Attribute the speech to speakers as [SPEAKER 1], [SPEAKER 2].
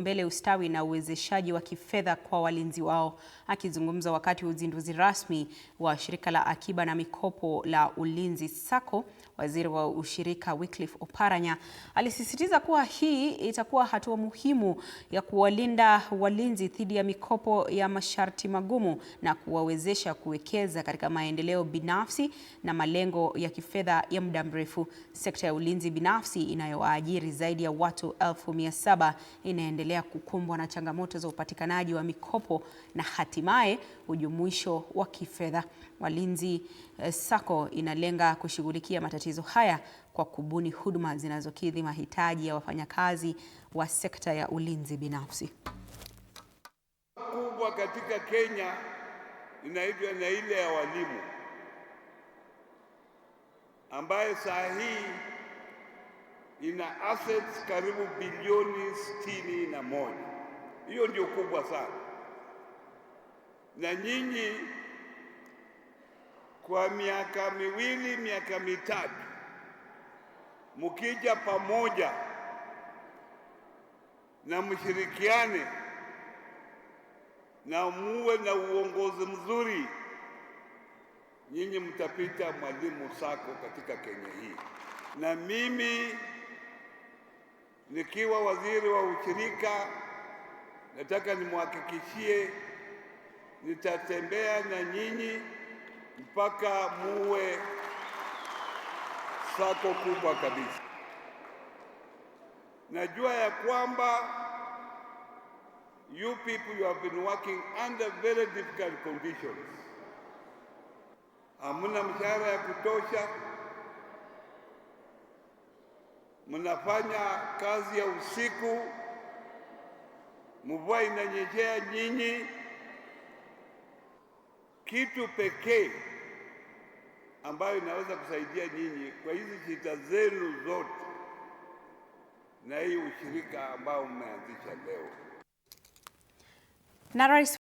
[SPEAKER 1] mbele ustawi na uwezeshaji wa kifedha kwa walinzi wao. Akizungumza wakati wa uzinduzi rasmi wa shirika la akiba na mikopo la Ulinzi SACCO Waziri wa ushirika Wycliffe Oparanya alisisitiza kuwa hii itakuwa hatua muhimu ya kuwalinda walinzi dhidi ya mikopo ya masharti magumu na kuwawezesha kuwekeza katika maendeleo binafsi na malengo ya kifedha ya muda mrefu. Sekta ya ulinzi binafsi inayowaajiri zaidi ya watu elfu mia saba inaendelea kukumbwa na changamoto za upatikanaji wa mikopo na hatimaye ujumuisho wa kifedha. Walinzi eh, Sacco inalenga kushughulikia matatizo matatizo haya kwa kubuni huduma zinazokidhi mahitaji ya wafanyakazi wa sekta ya ulinzi binafsi.
[SPEAKER 2] Kubwa katika Kenya inaitwa na ile ya walimu ambaye saa hii ina assets karibu bilioni sitini na moja. Hiyo ndio kubwa sana, na nyinyi kwa miaka miwili, miaka mitatu, mkija pamoja na mshirikiane na muwe na uongozi mzuri, nyinyi mtapita Mwalimu Sako katika Kenya hii. Na mimi nikiwa waziri wa ushirika, nataka nimwhakikishie nitatembea na nyinyi mpaka muwe sako kubwa kabisa. Najua ya kwamba you people you have been working under very difficult conditions. Hamuna mshahara ya kutosha, mnafanya kazi ya usiku, mvua inanyeshea nyinyi. Kitu pekee ambayo inaweza kusaidia nyinyi kwa hizi shida zenu zote na hii ushirika ambao mmeanzisha leo na rais